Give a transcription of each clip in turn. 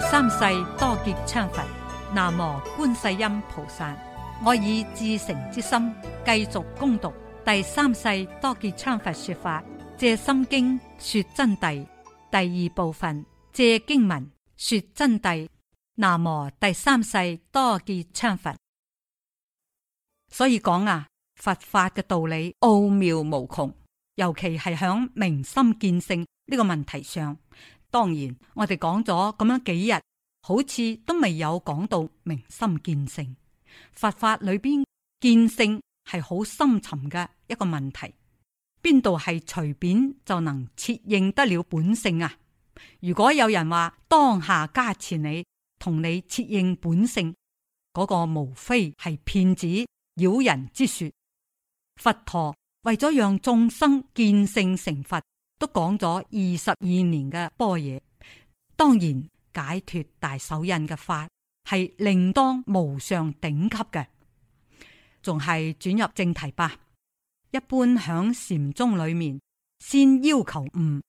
第三世多杰羌佛，南無觀世音菩薩。我以至誠之心繼續恭讀第三世多杰羌佛說法，借心經說真諦第二部分，借經文說真諦。南無第三世多杰羌佛。所以講啊，佛法嘅道理奧妙無窮，尤其係響明心見性呢個問題上。當然，我哋講咗咁樣幾日，好似都未有講到明心見性。佛法裏邊見性係好深沉嘅一個問題，邊度係隨便就能切應得了本性啊？如果有人話當下加持你，同你切應本性，嗰、嗰個無非係騙子妖人之說。佛陀為咗讓眾生見性成佛。都講咗二十二年嘅般若。當然解脱大手印嘅法係另當無上頂級嘅，仲係轉入正題吧。一般響禪宗裏面，先要求悟，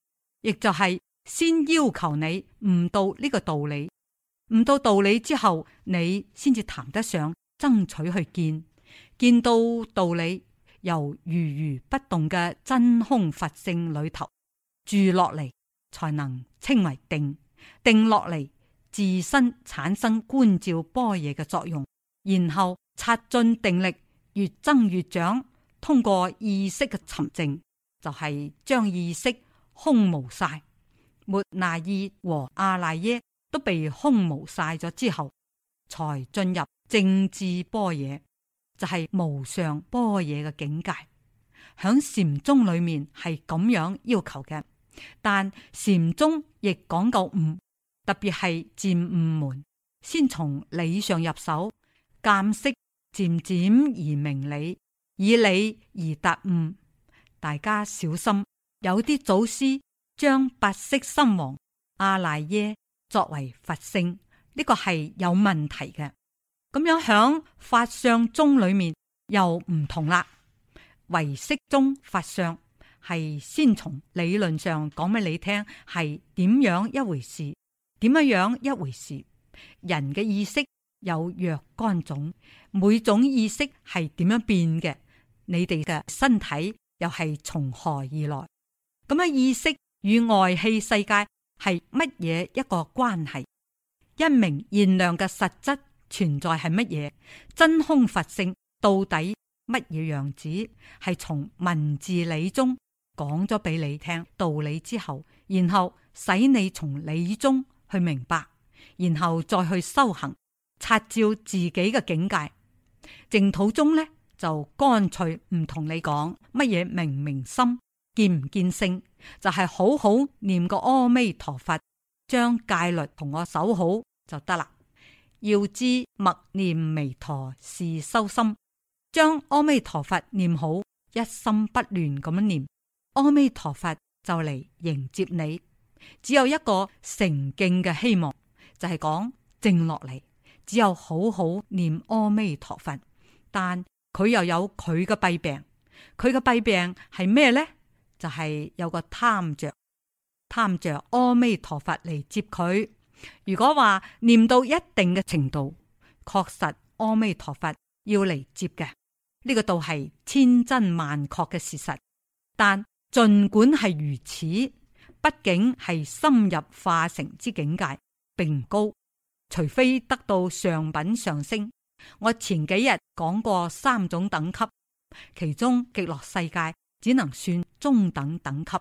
亦就係先要求你悟到呢個道理，悟到道理之後，你先至談得上爭取去見，見到道理由如如不動嘅真空佛性裏頭。住落嚟才能稱為定，定落嚟自身產生觀照般若嘅作用，然後策進定力越增越長，通過意識嘅沉靜，就係、是、將意識空無晒，末那意和阿賴耶都被空無晒咗之後，才進入正智般若，就係、是、無上般若嘅境界。響禪宗裏面係咁樣要求嘅。但禪宗亦講究悟，特別係漸悟門，先從理上入手，漸識漸漸而明理，以理而達悟。大家小心，有啲祖師將八識心王阿賴耶作為佛性，呢、這個係有問題嘅。咁樣響法相宗裏面又唔同啦，唯識宗法相。係先從理論上講俾你聽，係點樣一回事？點樣樣一回事？人嘅意識有若干種，每種意識係點樣變嘅？你哋嘅身體又係從何而來？咁樣意識與外器世界係乜嘢一個關係？因明現量嘅實質存在係乜嘢？真空佛性到底乜嘢樣子？係從文字理中？講咗俾你聽道理之後，然後使你從理中去明白，然後再去修行，察照自己嘅境界。淨土宗呢，就乾脆唔同你講乜嘢，明唔明心見唔見性就係、是，好好念個阿彌陀佛，將戒律同我守好就得啦。要知默念彌陀是修心，將阿彌陀佛念好，一心不亂咁念。阿彌陀佛就嚟迎接你，只有一個誠敬嘅希望，就係講靜落嚟，只有好好念阿彌陀佛。但佢又有佢嘅弊病，佢嘅弊病係咩咧？就係、是、有個貪着，貪着阿彌陀佛嚟接佢。如果話念到一定嘅程度，確實阿彌陀佛要嚟接嘅，呢、這個都係千真萬確嘅事實，但。儘管係如此，畢竟係深入化成之境界，並唔高。除非得到上品上升。我前幾日講過三種等級，其中極樂世界只能算中等等級，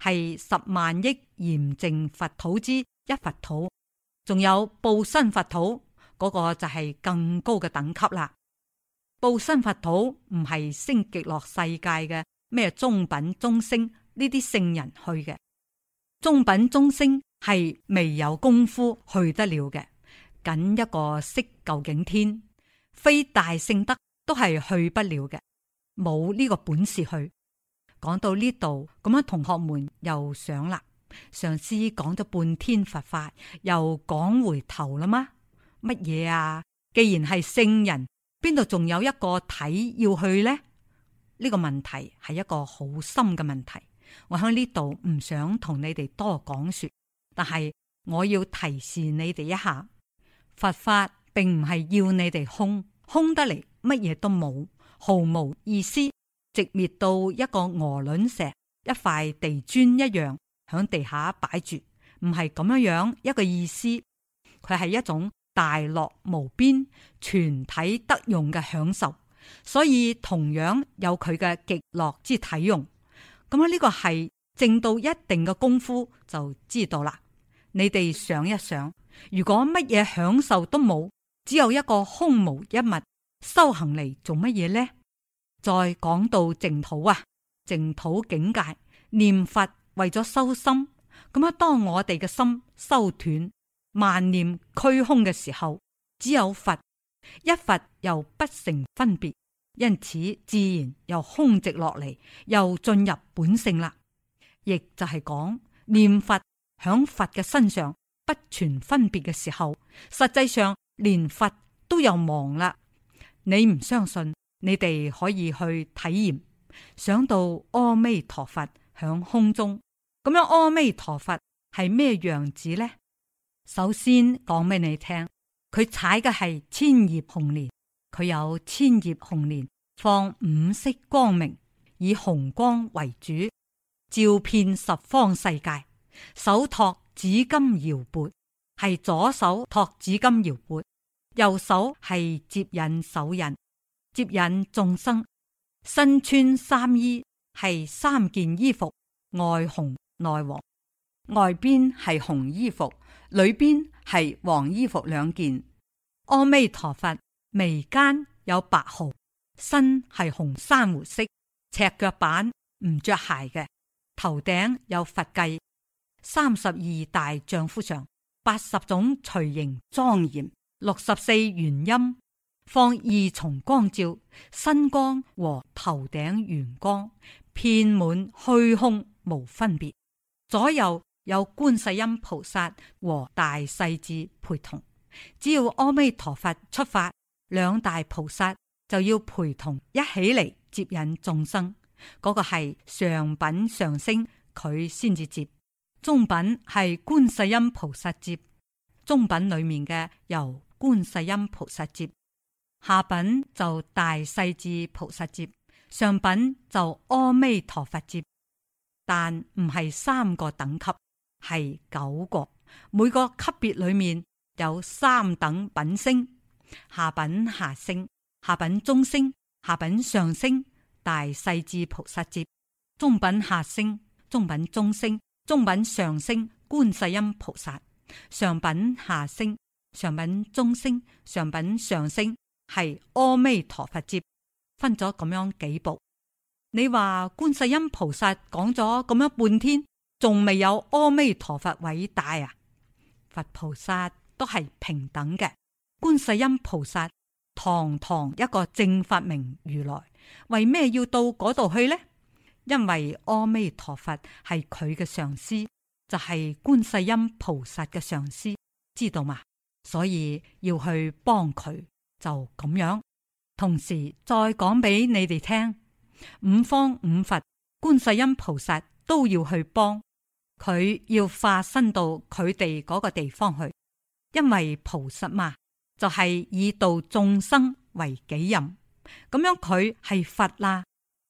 係十萬億嚴淨佛土之一佛土。仲有報身佛土，嗰、那個就係更高嘅等級啦。報身佛土唔係升極樂世界嘅。咩中品中生呢啲聖人去嘅，中品中生係未有功夫去得了嘅，僅一個識究竟天，非大聖德都係去不了嘅，冇呢個本事去。講到呢度咁樣，同學們又想啦，上師講咗半天佛法，又講回頭啦嗎？乜嘢啊？既然係聖人，邊度仲有一個體要去呢？呢個問題係一個好深嘅問題，我喺呢度唔想同你哋多講說，但係我要提示你哋一下，佛法並唔係要你哋空，空得嚟乜嘢都冇，毫無意思，直滅到一個鵝卵石、一塊地磚一樣響地下擺住，唔係咁樣樣一個意思。佢係一種大樂無邊、全體得用嘅享受。所以同樣有佢嘅極樂之體用，咁啊呢個係正到一定嘅功夫就知道啦。你哋想一想，如果乜嘢享受都冇，只有一個空無一物，修行嚟做乜嘢呢？再講到淨土啊，淨土境界念佛為咗修心，咁啊當我哋嘅心修斷萬念俱空嘅時候，只有佛。一佛又不成分別，因此自然又空直落嚟，又進入本性啦。亦就係講念佛響佛嘅身上不存分別嘅時候，實際上連佛都有忙啦。你唔相信，你哋可以去體驗。想到阿彌陀佛響空中，咁樣阿彌陀佛係咩樣子呢？首先講俾你聽。佢踩嘅係千葉紅蓮，佢有千葉紅蓮放五色光明，以紅光為主，照遍十方世界。手托紫金搖鉢，係左手托紫金搖鉢，右手係接引手印，接引眾生。身穿三衣，係三件衣服，外紅內黃。外邊係紅衣服，裏邊係黃衣服兩件。阿彌陀佛眉間有白毫，身係紅珊瑚色，赤腳板唔着鞋嘅，頭頂有佛髻，三十二大丈夫相，八十種隨形莊嚴，六十四圓音放二重光照，身光和頭頂圓光遍滿虛空無分別，左右。有觀世音菩薩和大勢至陪同，只要阿彌陀佛出發，兩大菩薩就要陪同一起嚟接引眾生。嗰、那個係上品上升，佢先至接，中品係觀世音菩薩接，中品裏面嘅由觀世音菩薩接，下品就大勢至菩薩接，上品就阿彌陀佛接，但唔係三個等級。係九個，每個級別裏面有三等品星，下品下星、下品中星、下品上星；大勢至菩薩節，中品下星、中品中星、中品上星；觀世音菩薩，上品下星、上品中星、上品上星，係阿彌陀佛節，分咗咁樣幾步。你話觀世音菩薩講咗咁樣半天。仲未有阿彌陀佛偉大啊！佛菩薩都係平等嘅，觀世音菩薩堂堂一個正法明如來，為咩要到嗰度去呢？因為阿彌陀佛係佢嘅上司，就係觀世音菩薩嘅上司，知道嘛？所以要去幫佢，就咁樣。同時再講俾你哋聽，五方五佛、觀世音菩薩都要去幫。佢要化身到佢哋嗰個地方去，因為菩薩嘛，就係、是、以度眾生為己任。咁樣佢係佛啦，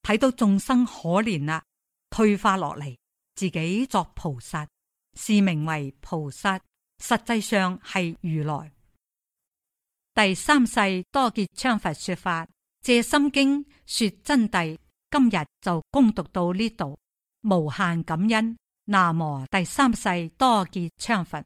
睇到眾生可憐啦，退化落嚟，自己作菩薩，是名為菩薩。實際上係如來。第三世多杰羌佛說法《藉心經》說真諦，今日就恭讀到呢度，無限感恩。南無第三世多杰羌佛。